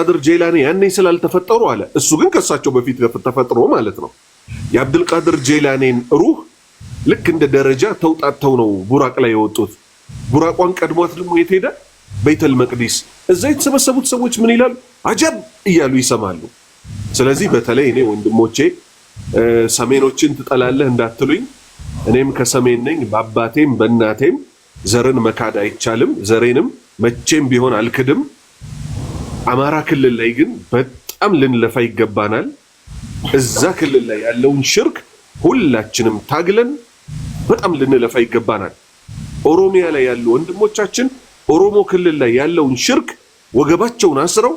አብዱልቃድር ጄላኒ ያኔ ስላልተፈጠሩ አለ። እሱ ግን ከእሳቸው በፊት ተፈጥሮ ማለት ነው። የአብዱልቃድር ጄላኔን ሩህ ልክ እንደ ደረጃ ተውጣተው ነው ቡራቅ ላይ የወጡት። ቡራቋን ቀድሟት ደግሞ የት ሄደ? ቤተል መቅዲስ። እዛ የተሰበሰቡት ሰዎች ምን ይላሉ? አጀብ እያሉ ይሰማሉ። ስለዚህ በተለይ እኔ ወንድሞቼ ሰሜኖችን ትጠላለህ እንዳትሉኝ፣ እኔም ከሰሜን ነኝ። በአባቴም በእናቴም ዘርን መካድ አይቻልም። ዘሬንም መቼም ቢሆን አልክድም። አማራ ክልል ላይ ግን በጣም ልንለፋ ይገባናል። እዛ ክልል ላይ ያለውን ሽርክ ሁላችንም ታግለን በጣም ልንለፋ ይገባናል። ኦሮሚያ ላይ ያሉ ወንድሞቻችን ኦሮሞ ክልል ላይ ያለውን ሽርክ ወገባቸውን አስረው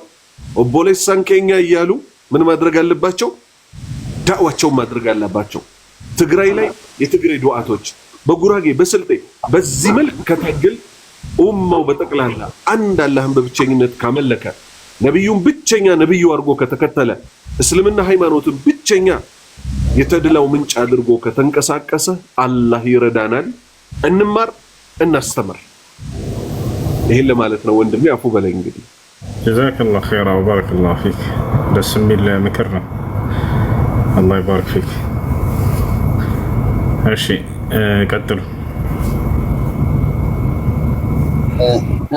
ኦቦሌሳን ኬኛ እያሉ ምን ማድረግ አለባቸው? ዳዕዋቸውን ማድረግ አለባቸው። ትግራይ ላይ የትግሬ ዱዓቶች፣ በጉራጌ በስልጤ በዚህ መልክ ከታግል ኡማው በጠቅላላ አንድ አላህን በብቸኝነት ካመለከ ነቢዩን ብቸኛ ነቢዩ አድርጎ ከተከተለ እስልምና ሃይማኖትን ብቸኛ የተድላው ምንጭ አድርጎ ከተንቀሳቀሰ አላህ ይረዳናል። እንማር፣ እናስተምር። ይህን ለማለት ነው። ወንድሜ አፉ በላይ እንግዲህ ጀዛከላሁ ኸይራ ወባረከላሁ ፊክ። ደስ የሚል ምክር ነው። አላህ ይባርክ ፊክ። እሺ ቀጥሉ።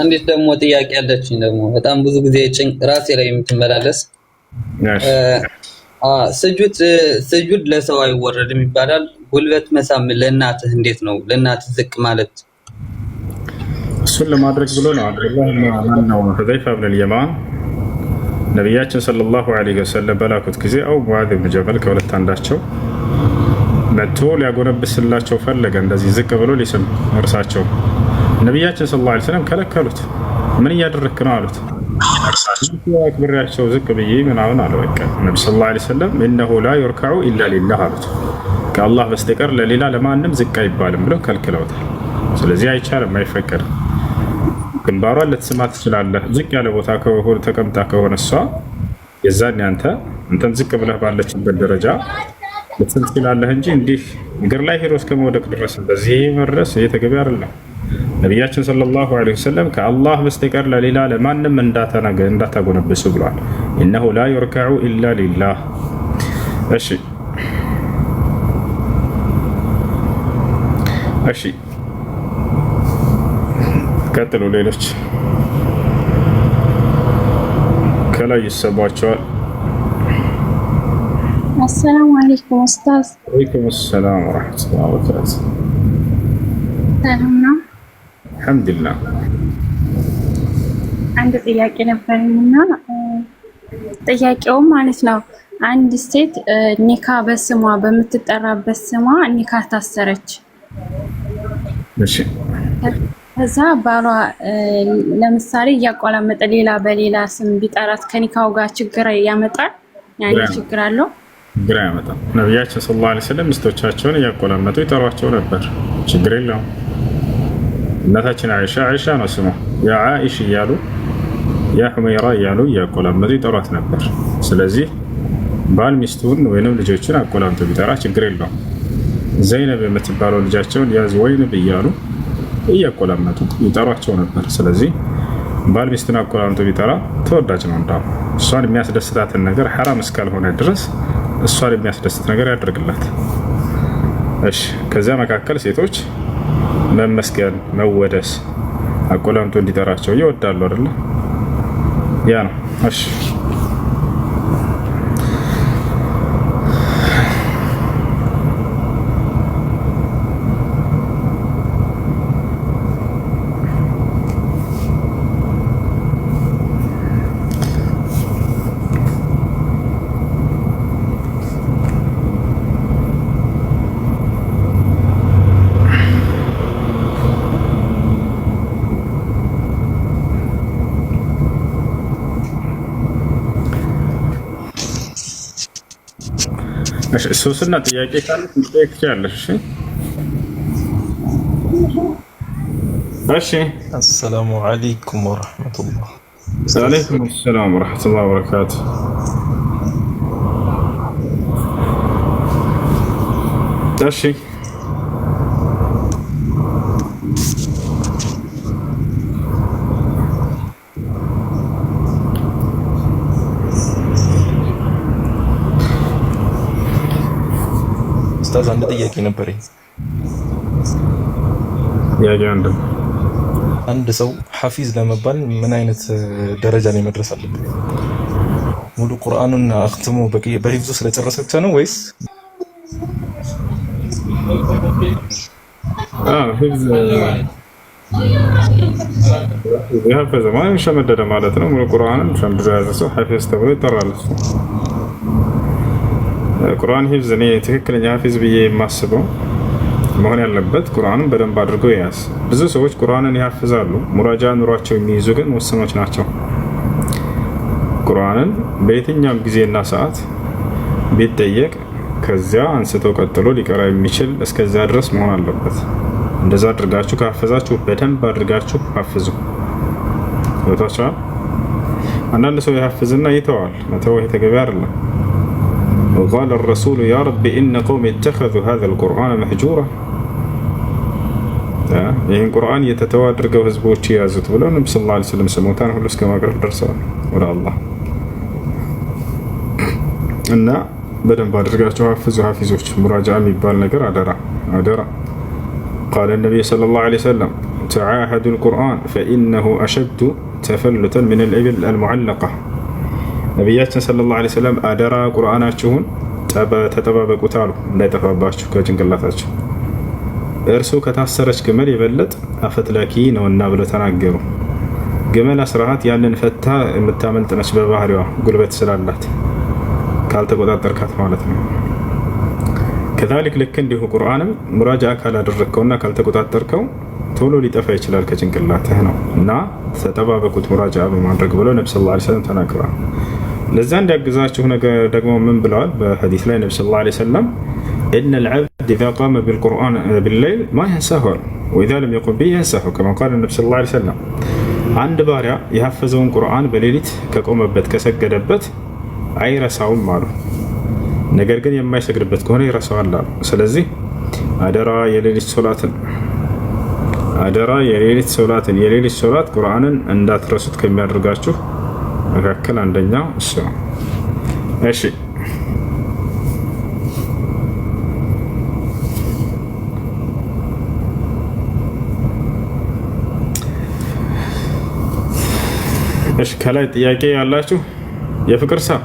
አንዲት ደግሞ ጥያቄ ያለችኝ ደግሞ በጣም ብዙ ጊዜ ጭንቅ ራሴ ላይ የምትመላለስ ስጁድ ስጁድ ለሰው አይወረድም ይባላል። ጉልበት መሳም ለእናትህ እንዴት ነው? ለእናትህ ዝቅ ማለት እሱን ለማድረግ ብሎ ነው። አብዱላህ ነው ሁዘይፋ ብን ልየማን ነቢያችን ሰለላሁ ዐለይሂ ወሰለም በላኩት ጊዜ አው ሙዓዝ ብን ጀበል ከሁለት አንዳቸው መጥቶ ሊያጎነብስላቸው ፈለገ። እንደዚህ ዝቅ ብሎ ሊስም እርሳቸው ነቢያችን ሰለላሁ ዓለይሂ ወሰለም ከለከሉት። ምን እያደረክ ነው አሉት። ክብሬያቸው ዝቅ ብዬ ምናምን አለ። በቃ ነቢ ሰለላሁ ዓለይሂ ወሰለም እነሁ ላ ዩርከዑ ኢላ ሊላህ አሉት። ከአላህ በስተቀር ለሌላ ለማንም ዝቅ አይባልም ብለው ከልክለውታል። ስለዚህ አይቻልም፣ አይፈቀድም። ግንባሯን ልትስማ ትችላለህ። ዝቅ ያለ ቦታ ተቀምጣ ከሆነ እሷ የዛን ያንተ እንትን ዝቅ ብለህ ባለችበት ደረጃ ልትስም ትችላለህ እንጂ እንዲህ እግር ላይ ሄዶ እስከመውደቅ ድረስ በዚህ መድረስ እየተገቢ አይደለም። ነቢያችን ሰለላሁ ዐለይሂ ወሰለም ከአላህ በስተቀር ለሌላ ለማንም እንዳተናገ እንዳታጎነብሱ ብሏል። እነሁ ላ ዩርከዑ ኢላ ሊላህ። እሺ እሺ፣ ቀጥሉ። ሌሎች ከላይ ይሰቧቸዋል። አሰላሙ አለይኩም ኡስታዝ። ወአለይኩም ሰላም ወረሕመቱላሂ ወበረካቱህ። ሰላም ነው አልሐምዱሊላህ። አንድ ጥያቄ ነበረኝና ጥያቄውም ማለት ነው አንድ ሴት ኒካ በስሟ በምትጠራበት ስሟ ኒካ ታሰረች። ከዛ ባሏ ለምሳሌ እያቆላመጠ ሌላ በሌላ ስም ቢጠራት ከኒካው ጋር ችግር ያመጣል? ያኔ ችግር አለው? ችግር ያመጣል። ነቢያችን ሰለላሁ ዐለይሂ ወሰለም ሚስቶቻቸውን እያቆላመጡ ይጠሯቸው ነበር። ችግር የለውም። እናታችን አይሻ አይሻ ነው ስሟ። የአይሽ እያሉ የሑመይራ እያሉ እያቆላመጡ ይጠሯት ነበር። ስለዚህ ባል ሚስቱን ወይንም ልጆችን አቆላምጦ ቢጠራ ችግር የለውም። ዘይነብ የምትባለው ልጃቸውን ያዝ ወይንብ እያሉ እያቆላመጡ ይጠሯቸው ነበር። ስለዚህ ባል ሚስቱን አቆላምጦ ቢጠራ ተወዳጅ ነው። እንዳ እሷን የሚያስደስታትን ነገር ሐራም እስካልሆነ ድረስ እሷን የሚያስደስት ነገር ያደርግላት። እሺ ከዚያ መካከል ሴቶች መመስገን፣ መወደስ አቆላምጦ እንዲጠራቸው ይወዳሉ አይደለ? ያ ነው። እሺ ሶስና ጥያቄ ካለ ጥያቄ ያለሽ። እሺ። አሰላሙ አለይኩም ወራህመቱላህ። ወአለይኩም ሰላም ወራህመቱላህ ወበረካቱ። እሺ ኡስታዝ አንድ ጥያቄ ነበረኝ። ጥያቄ አንድም አንድ ሰው ሐፊዝ ለመባል ምን አይነት ደረጃ ላይ መድረስ አለበት? ሙሉ ቁርአኑን አክትሞ በሂፍዙ ስለጨረሰ ብቻ ነው ወይስ የሐፈዘ ማለት ሸመደደ ማለት ነው? ሙሉ ቁርአንን ሸምድዶ የያዘ ሰው ሐፊዝ ተብሎ ይጠራል። ቁርአን ሂፍዝ እኔ ትክክለኛ ሀፊዝ ብዬ የማስበው መሆን ያለበት ቁርአንን በደንብ አድርጎ ያዝ። ብዙ ሰዎች ቁርአንን ያፍዛሉ፣ ሙራጃ ኑሯቸው የሚይዙ ግን ውስኖች ናቸው። ቁርአንን በየትኛውም ጊዜና ሰዓት ቢጠየቅ ከዚያ አንስቶ ቀጥሎ ሊቀራ የሚችል እስከዚያ ድረስ መሆን አለበት። እንደዛ አድርጋችሁ ካፈዛችሁ በደንብ አድርጋችሁ አፍዙ። ቦታቸ አንዳንድ ሰው ያፍዝና ይተዋል። መተው የተገቢ አይደለም። وقال الرسول يا رب إن قوم اتخذوا هذا القرآن مهجورا يعني القرآن يتتوادر قوز بوتي يازت ولا صلى الله عليه وسلم سموتان هلوس كما قرر الرسول ولا الله إن بدن بادر قرر حافظ وحافظ وحافظ مراجعة ميبال نقر أدرا أدرا قال النبي صلى الله عليه وسلم تعاهد القرآن فإنه أشد تفلتا من الإبل المعلقة ነቢያችን ሰለላሁ ዓለይሂ ወሰለም አደራ ቁርአናችሁን ተጠባበቁት አሉ፣ እንዳይጠፋባችሁ ከጭንቅላታችሁ እርሱ ከታሰረች ግመል የበለጥ አፈትላኪ ነውና ብለው ተናገሩ። ግመል አስራሃት ያንን ፈታ የምታመልጥ ነች፣ በባህሪዋ ጉልበት ስላላት ካልተቆጣጠርካት ማለት ነው። ከዛሊክ ልክ እንዲሁ ቁርአንም ሙራጃ ካላደረግከውና ካልተቆጣጠርከው ቶሎ ሊጠፋ ይችላል ከጭንቅላትህ ነው እና ተጠባበቁት ሙራጃ በማድረግ ብለው ነብ ስ ላ ተናግረዋል። ለዛ እንዲያግዛችሁ ነገር ደግሞ ምን ብለዋል? በሐዲስ ላይ ነቢ ሰለላሁ ዓለይሂ ወሰለም ኢነ ልዓብድ ኢዛ ቃመ ቢልቁርአን ቢለይል ማ የንሳሁል ወኢዛ ለም የቁም ቢ የንሳሁ ከማ ቃለ ነቢ ሰለላሁ ዓለይሂ ወሰለም። አንድ ባሪያ የሐፈዘውን ቁርአን በሌሊት ከቆመበት ከሰገደበት አይረሳውም አሉ። ነገር ግን የማይሰግድበት ከሆነ ይረሳዋል አሉ። ስለዚህ አደራ የሌሊት ሶላትን አደራ የሌሊት ሶላትን የሌሊት ሶላት ቁርአንን እንዳትረሱት ከሚያደርጋችሁ መካከል አንደኛው እሱ ነው። እሺ እሺ ከላይ ጥያቄ ያላችሁ የፍቅር ሳ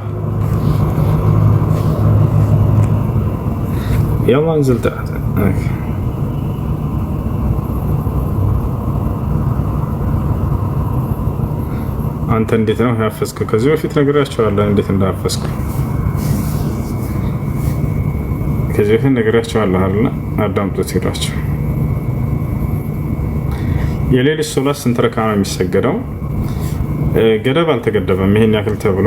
የማንዝል አንተ እንዴት ነው ያፈዝክ? ከዚህ በፊት ነግሬያቸዋለሁ እንዴት እንዳፈዝኩ ከዚህ በፊት ነግሬያቸዋለሁ አለ። አዳምጡት ሄዷቸው። የሌሊት ሶላት ስንት ረካ ነው የሚሰገደው? ገደብ አልተገደበም። ይሄን ያክል ተብሎ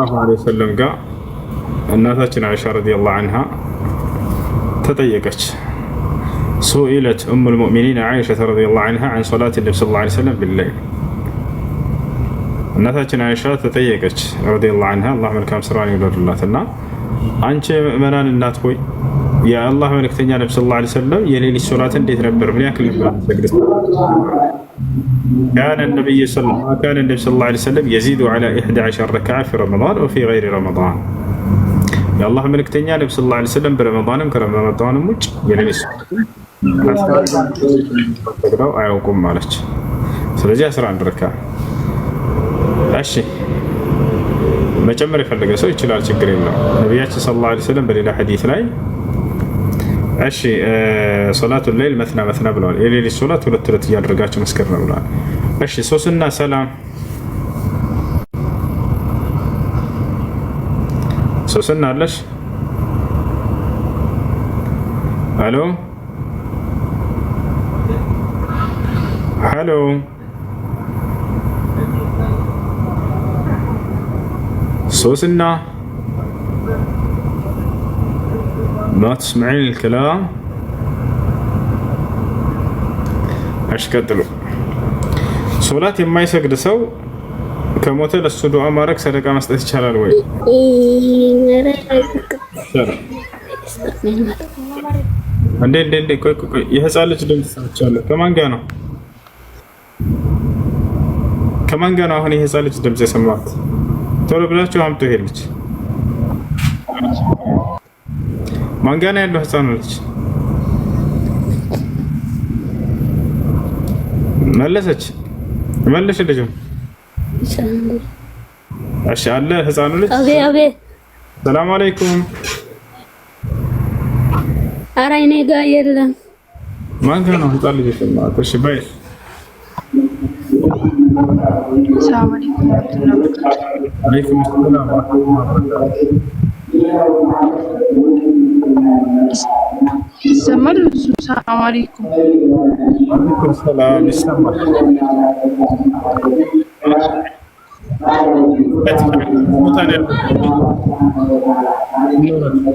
አላሁ ዐለይሂ ወሰለም ጋር እናታችን አይሻ ረዲየላሁ አንሃ ተጠየቀች። ሱኢለት ኡሙል ሙእሚኒን አይሻ ረዲየላሁ አንሃ አን ሶላት ነቢ ሰለላሁ ዐለይሂ ወሰለም ቢለይል እናታችን አይሻ ተጠየቀች ረዲየላሁ አንሃ አላህ መልካም ስራዋን ይውደድላት እና አንቺ ምዕመናን እናት ሆይ የአላህ መልክተኛ ነብ ስ ላ ሰለም የሌሊት ሶላት እንዴት ነበር? ምን ያክል ነበር ሰግድ? ካነ ነቢይ ካነ ነቢ ስ ላ ሰለም የዚዱ ላ ኢሕዳ ዓሸር ረክዓ ፊ ረመዳን ወፊ ገይሪ ረመዳን የአላህ መልክተኛ ነብ ስ ላ ሰለም በረመዳንም ከረመዳንም ውጭ የሌሊት ሶላት አያውቁም አለች። ስለዚህ 11 ረክዓ እሺ መጨመር የፈለገ ሰው ይችላል፣ ችግር የለም። ነቢያችን ሰለላሁ ዐለይሂ ወሰለም በሌላ ሐዲስ ላይ እሺ ሶላቱ ሌይል መትና መትና ብለዋል። የሌሊት ሶላት ሁለት ሁለት እያደረጋቸው መስከር ነው ብለዋል። እሺ ሶስና ሰላም ሶስና አለሽ? ሄሎ ሄሎ ሶስና ما تسمعين الكلام እሺ ሶላት የማይሰግድ ሰው ከሞተ ለሱ ዱዓ ማድረግ ሰደቃ መስጠት ይቻላል ወይ? እንዴ እንዴ እንዴ ቆይ ቆይ፣ የህፃን ልጅ ድምፅ ሰምቻለሁ። ከማን ጋር ነው? ከማን ጋር ነው አሁን የህፃን ልጅ ድምፅ የሰማሁት? ቶሎ ብላችሁ አምጡ። ይሄ ልጅ ማን ያለው? ህፃኑ ልጅ መለሰች። መለሽ ልጅ እሺ አለ ህፃኑ ልጅ። ሰላም አለይኩም። ኧረ እኔ የለም። ማን ነው ህፃን ልጅ? እሺ በይ ሰላም አለይኩም ይሰማል? እሱ ሰላም አለይኩም አለይኩም ሰላም ይሰማል።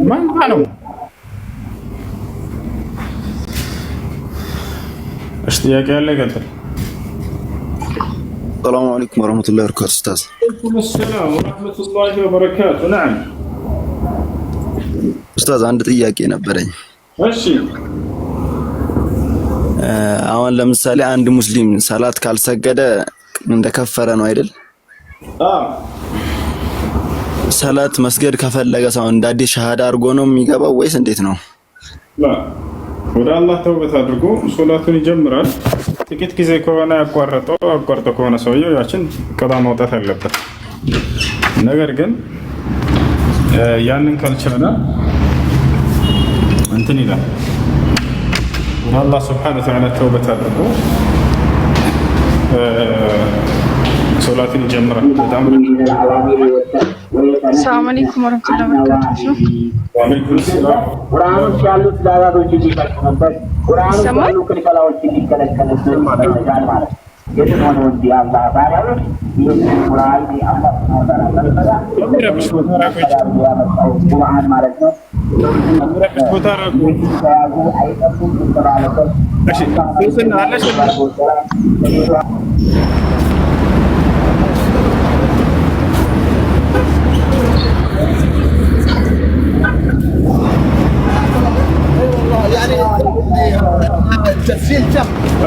ማን ነው? እሺ ጥያቄ ያለ ይቀጥል። ሰላሙ አለይኩም ወረህመቱላሂ ወበረካቱ። ኡስታዝ ኡስታዝ አንድ ጥያቄ ነበረኝ። እሺ አሁን ለምሳሌ አንድ ሙስሊም ሰላት ካልሰገደ እንደከፈረ ነው አይደል? ሰላት መስገድ ከፈለገ ሰው እንደ ሸሃዳ አድርጎ ነው የሚገባው ወይስ እንዴት ነው? ወደ አላህ ተውበት አድርጎ ሶላቱን ይጀምራል። ጥቂት ጊዜ ከሆነ ያቋረጠው ያቋርጠ ከሆነ ሰውየው ያችን ቀጣ ማውጣት አለበት። ነገር ግን ያንን ካልቻለ እንትን ይላል አላህ ስብሐነ ወተዓላ ተውበት አድርጎ ሶላትን ይጀምራል። በጣም ሰላም አለይኩም ወረመቱላ በረካቱ። ይሰማል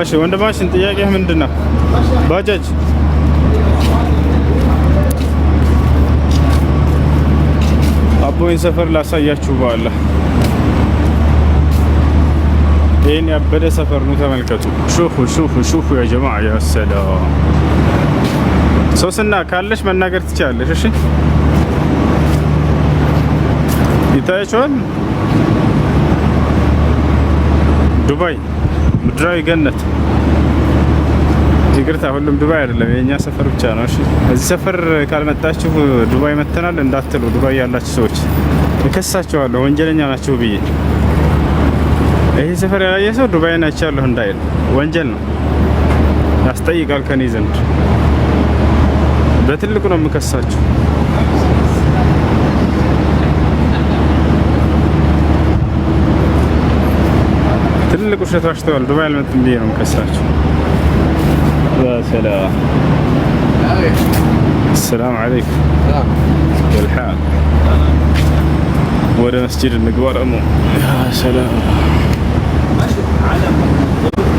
እሺ ወንድማችን ጥያቄ ምንድን ነው? ባጃጅ አቦይን ሰፈር ላሳያችሁ። በኋላ ይህን ያበደ ሰፈር ነው። ተመልከቱ። ሹሁ ሹሁ ሹሁ ያ ጀማ ያ ሰላም። ሶስና ካለሽ መናገር ትችላለሽ። እሺ ይታያችኋል ዱባይ ምድራዊ ገነት። ይቅርታ ሁሉም ዱባይ አይደለም፣ የኛ ሰፈር ብቻ ነው። እሺ እዚህ ሰፈር ካልመጣችሁ ዱባይ መተናል እንዳትሉ፣ ዱባይ ያላችሁ ሰዎች እከሳችኋለሁ፣ ወንጀለኛ ናችሁ ብዬ። ይህ ሰፈር ያላየ ሰው ዱባይ አይቻለሁ እንዳይል ወንጀል ነው፣ ያስጠይቃል ከኔ ዘንድ። በትልቁ ነው የምከሳችሁ። لك واش تشتغل دابا على ما نديرو مكسرتش يا سلام السلام عليكم كيف الحال ورا مسجد المقبره يا سلام